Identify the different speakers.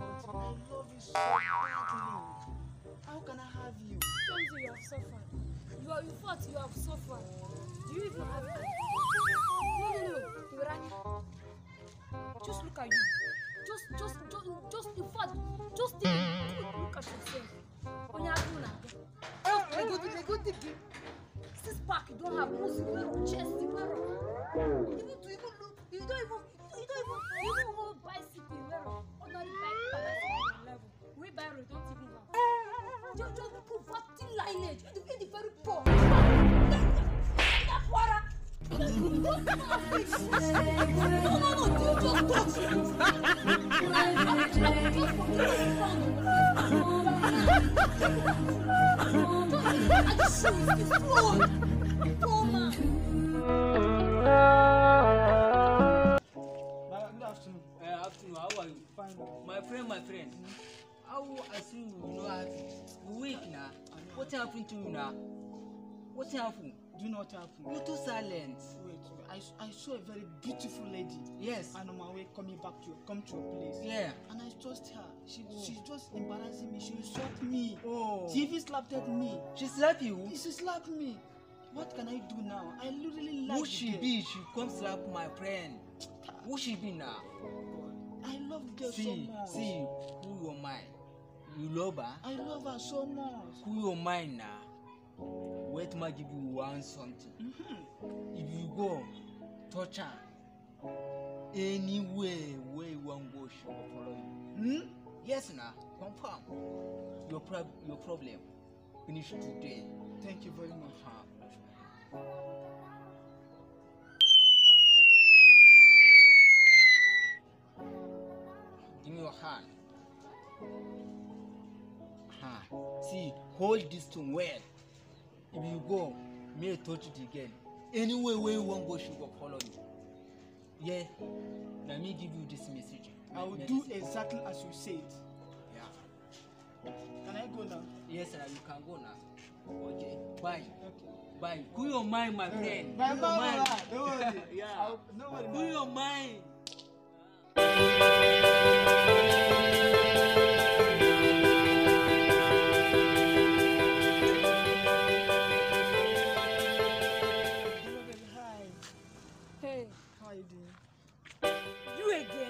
Speaker 1: My love is so badly. How can I have you? Chomzi, you have suffered. You are in fault, you have suffered. Do you even have time? No, no, no. Ibrahim, just look at you. Just, just, just, just in fact, just think, look at yourself. When you are doing that, they go, they go, they Six pack, you don't have music. you don't have chest, you don't have. Even to even Sai, Inês! Do que de faro, porra! Sai fora! Não, não, não! Tu é um gostoso! Toma! Good afternoon. My friend, my friend, how I see you know, What happened to you now? What happened? Do you know not happen. You're too silent. Wait, I, I saw a very beautiful lady. Yes. And on my way coming back to come to your place. Yeah. And I trust her. She oh. she's just embarrassing me. She slapped me. Oh. She even slapped at me. She slapped you? She slapped me. What can I do now? I literally like Who she be? She come slap my friend. Who she be now? I love girl so much. See, who am I? You love her? I love her so much. Cool your mind na. Wet ma give you one something. Mm -hmm. If you go, touch her. Anywhere where you wan go, she go follow you. Hmm? Yes na, confirm. Your, prob your problem finish today. Thank you very much. Uh give me your hand. Ah, see, hold this thing well. If you go, may I touch it again. way where you want go, she go follow you. Yeah, let me give you this message. I will medicine. do exactly as you say it. Yeah. Can I go now? Yes, sir, you can go now. Okay, bye. Okay. Bye. Cool your mind, my eh, friend. Bye, your mind. yeah. no worry. Cool your mind. you You again.